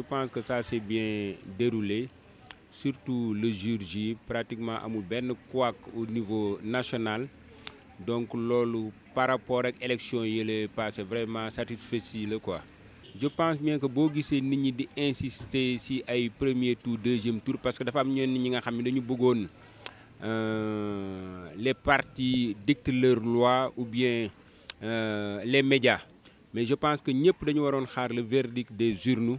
je pense que ça s'est bien déroulé surtout le jour pratiquement à Mouben, quoique au niveau national donc par rapport à l'élection, il passé vraiment satisfait quoi je pense bien que si nit ñi insister si ay premier tour deuxième tour parce que dafa am euh, les partis dictent leur loi ou bien euh, les médias mais je pense que nous dañu le verdict des journaux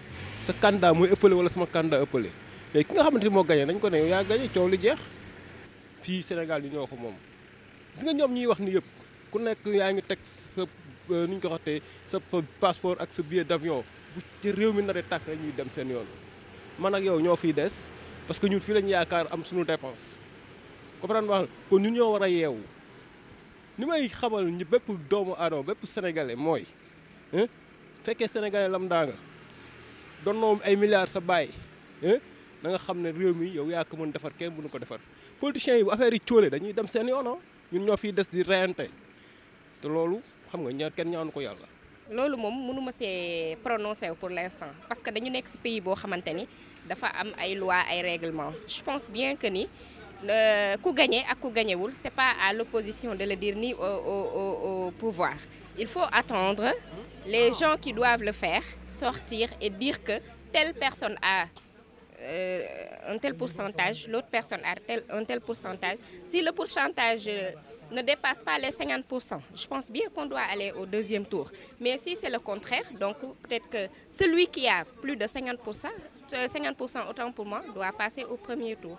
sa candidat mooy ëppale wala sama candidat ëppale mais ki nga xamante moo gagné nañ ko ne yaa gagné coow li jeex fii Sénégal yi ñoo ko moom gis nga ñoom ñuy wax ni yëpp ku nekk yaa ngi teg sa nu ñu ko xotee sa passeport ak sa billet d'avion bu ci réew mi naree tàkk ñuy dem seen yoon man ak yow ñoo fiy des parce que ñun fii lañu yaakaar am suñu dépense comprendre wax kon ñun ñoo war a yeewu ni may xamal ñu bépp doomu aadama bépp sénégalais mooy fekkee sénégalais lam daa donnoom ay milliards sa bàyyi na nga xam ne réew mi yow yaa ko mën defar kenn mënu ko defar politiciens yi bu affaire yi cóole dañuy dem seen yoon ah. ñun ñoo fiy des di reyante te loolu xam nga ñaar kenn ñaanu ko yàlla. loolu moom mënuma see prononcé pour l' instant parce que dañu nekk si pays boo xamante ni dafa am ay loi ay règlement je pense bien que nii coup gagné coup où ce c'est pas à l'opposition de le dire ni au, pouvoir il faut attendre les ah. gens qui doivent le faire sortir et dire que telle personne a euh, un tel pourcentage l'autre personne a un tel pourcentage si le pourcentage euh, ne dépasse pas les 50%. Je pense bien qu'on doit aller au deuxième tour. Mais si c'est le contraire, donc peut-être que celui qui a plus de 50%, 50% euh, autant pour moi, doit passer au premier tour.